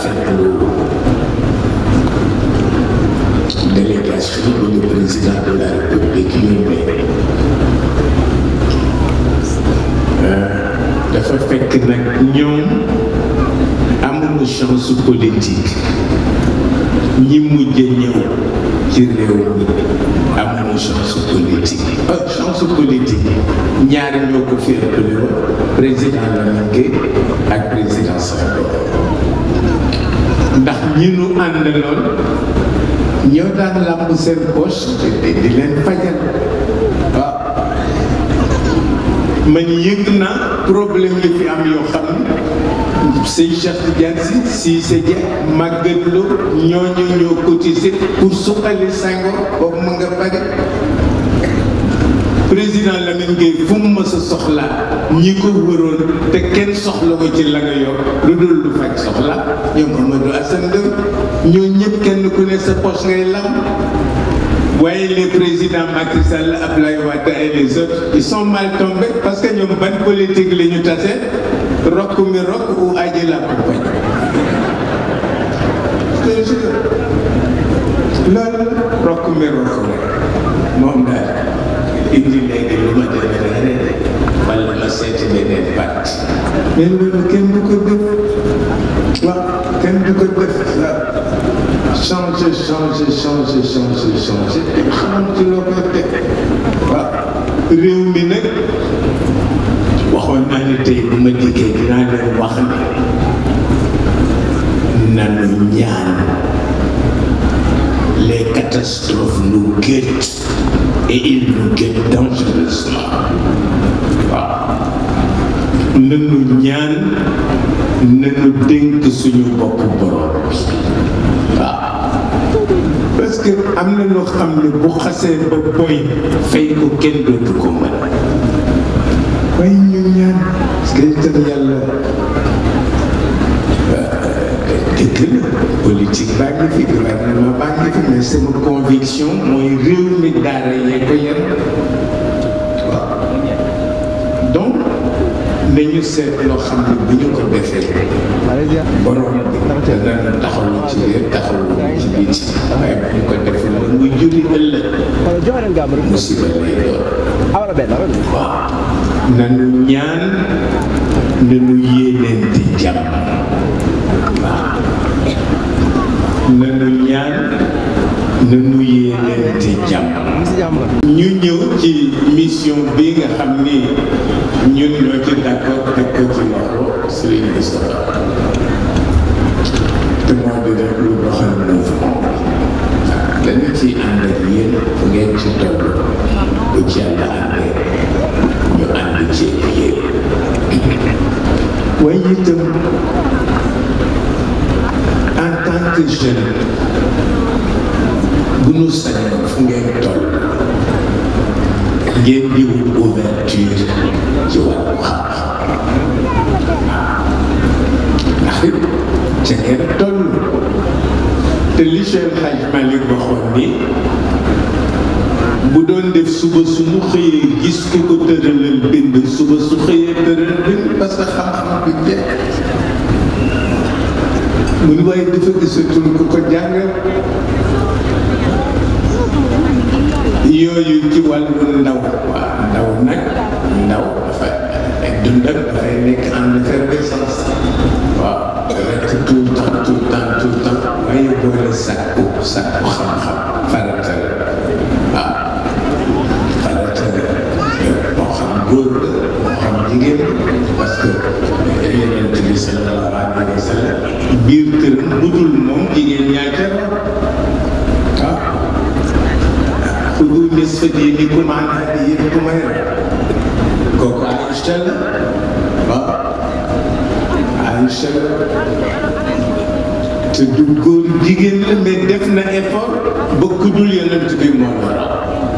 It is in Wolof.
rafetlu délégation bi le président de la république yónnee dafa fekk nag ñoom amuñu chance politique ñi mujj ñëw ci réew mi amuñu chance politique ah chance politique ñaari ñoo ko féetlu woon président Lamine Gueye ak président Senghor ñi nu àndaloon ñëw daan làmb seen poche te di leen fajal waaw man yëg na problème li fi am yoo xam ne sëñ Cheikh Tidiane si si sa ja màggat lu ñooñu ñoo cotisé pour suqali Senghor mu nga pare président Lamine Gueye fu mu mës a soxlaa ñi ko wëroon te kenn soxla ko ci la nga yor lu dul lu faj soxla ñoom Mamadou Assane Deme ñoo ñëpp kenn ku ne sa poche ngay lam waaye les présidents Macky Sall Abdoulaye Wade et les autres ils sont mal tombés parce que ñoom ban politique la ñu tase rokk mi rokk ou aji la ko bañ loolu rokk mi rokk moom daal indi léegi lu ma def leneen wala ma seeti leneen baat mais loolu kenn du ko def waaw kenn du ko def changé changé changé changé changé xamante loo koy teg waaw réew mi nag waxoon naa ne tey bu ma dikkee dinaa leen wax ne nanu ñaan les catastrophes nous guettent et il nous guette dangereusement waaw nanu ñaan nanu dénk suñu bopp borom waaw am na loo xam ne bu xasee ba boy fay ko kenn dootu ko mën waaye ñaan parce que itam yàlla politique vague conviction donc nanu ñaan nanu yéeneente jàmm ñu ñëw ci mission bi nga xam ni ñun ñoo ci d'accord teg ko ci loxo Serigne Moustapha te moo def lu doxal noonu dañu ci ànd ak ngeen ci toll bu ci ànd àndee ñu ànd ci yéen waaye itam que jeune bu nu sañoon fu ngeen toll ngeen di wut ouverture ci wàllu xam-xam ndax it ca ngeen toll te li Cheikh Hadj Malick waxoon ni bu doon def suba su mu xëyee gis ku ko tëralal bind suba su xëyee tëral bind parce que xam-xam bi jeex lu waaye dafa gisatul ku ko jàng yooyu ci wàllu ndaw waaw ndaw nag ndaw dafa ak dundam dafay nekk en effervescence waaw rekk tout le temps tout le temps tout le boole sàkku sàkku xam-xam farata la waaw moo xam góor la moo xam jigéen parce que yeneen bi sallallahu alayhi wa biir këram bu dul moom jigéen ñaa ca ah ku dul mis fa ni ku maan hadi yi ku may rek kooku Aïcha la waaw ah. Aïcha la te du góor jigéen la mais def na effort ba ku dul yonent bi moo la